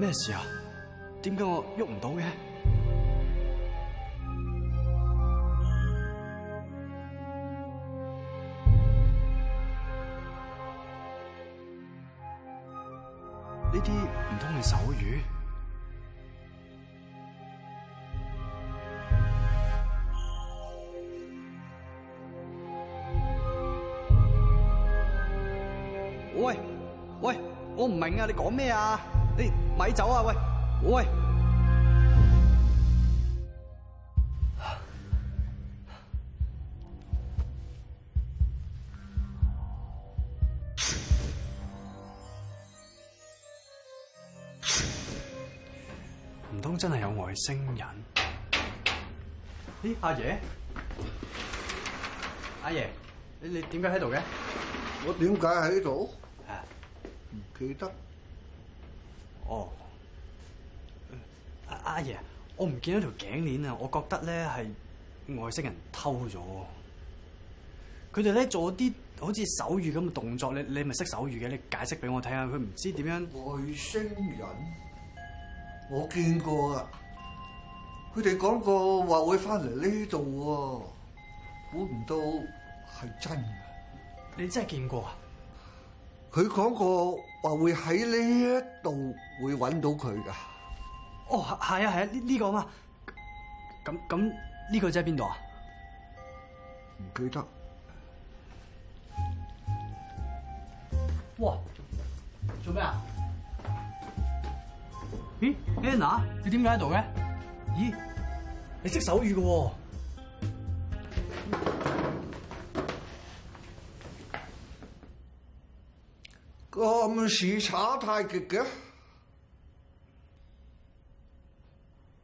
咩事啊？點解我喐唔到嘅？呢啲唔通係手語？喂喂，我唔明啊！你講咩啊？你咪走啊！喂喂，唔通真係有外星人？咦，阿爺，阿爺，你你點解喺度嘅？我點解喺度？唔記得。哦，阿阿爺，我唔見到條頸鏈啊！我覺得咧係外星人偷咗，佢哋咧做啲好似手語咁嘅動作，你你咪識手語嘅，你解釋俾我睇下，佢唔知點樣。外星人，我見過啊！佢哋講過話會翻嚟呢度喎，估唔到係真。你真係見過啊？佢講過。話會喺呢一度會揾到佢噶。哦，係啊，係啊，呢呢個啊嘛。咁咁呢個即係邊度啊？唔記得。哇！做咩啊，咦，Anna，你點解喺度嘅？咦，Anna，你識手語嘅？我唔係炒太極嘅。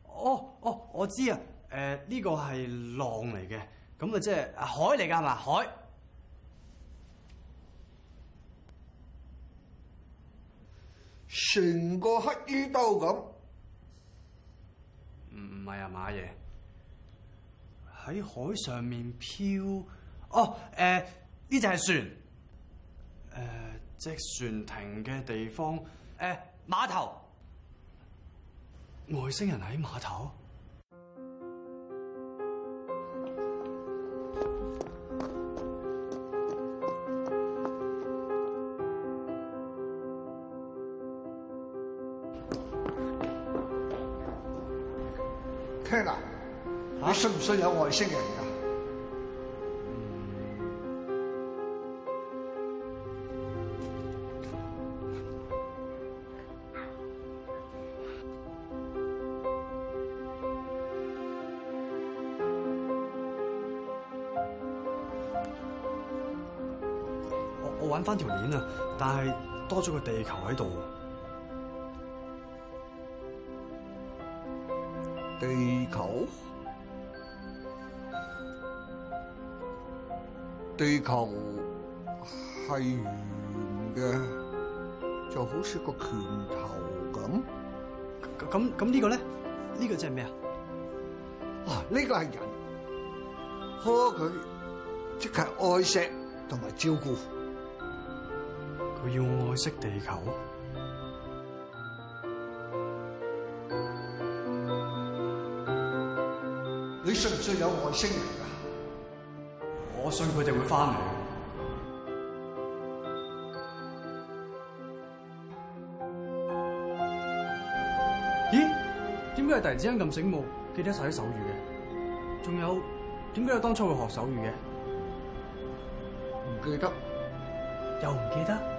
哦哦，我知啊。誒、呃，呢、這個係浪嚟嘅。咁啊，即係海嚟㗎，係嘛？海。成個黑衣兜咁。唔係啊，馬爺喺海上面漂。哦，誒、呃，呢隻係船。誒、呃。隻船停嘅地方，誒，碼頭。外星人喺碼頭？Ken 啊，你信唔信有外星人？玩翻條鏈啊！但係多咗個地球喺度。地球？地球係圓嘅，就好似個拳頭咁。咁咁呢、這個咧？呢、哦這個即係咩啊？啊！呢個係人，呵佢即係愛錫同埋照顧。佢要我愛惜地球。你信唔信有外星人噶？我信佢哋會翻嚟。咦？點解佢突然之間咁醒目，記得晒啲手語嘅？仲有，點解佢當初會學手語嘅？唔記得，又唔記得？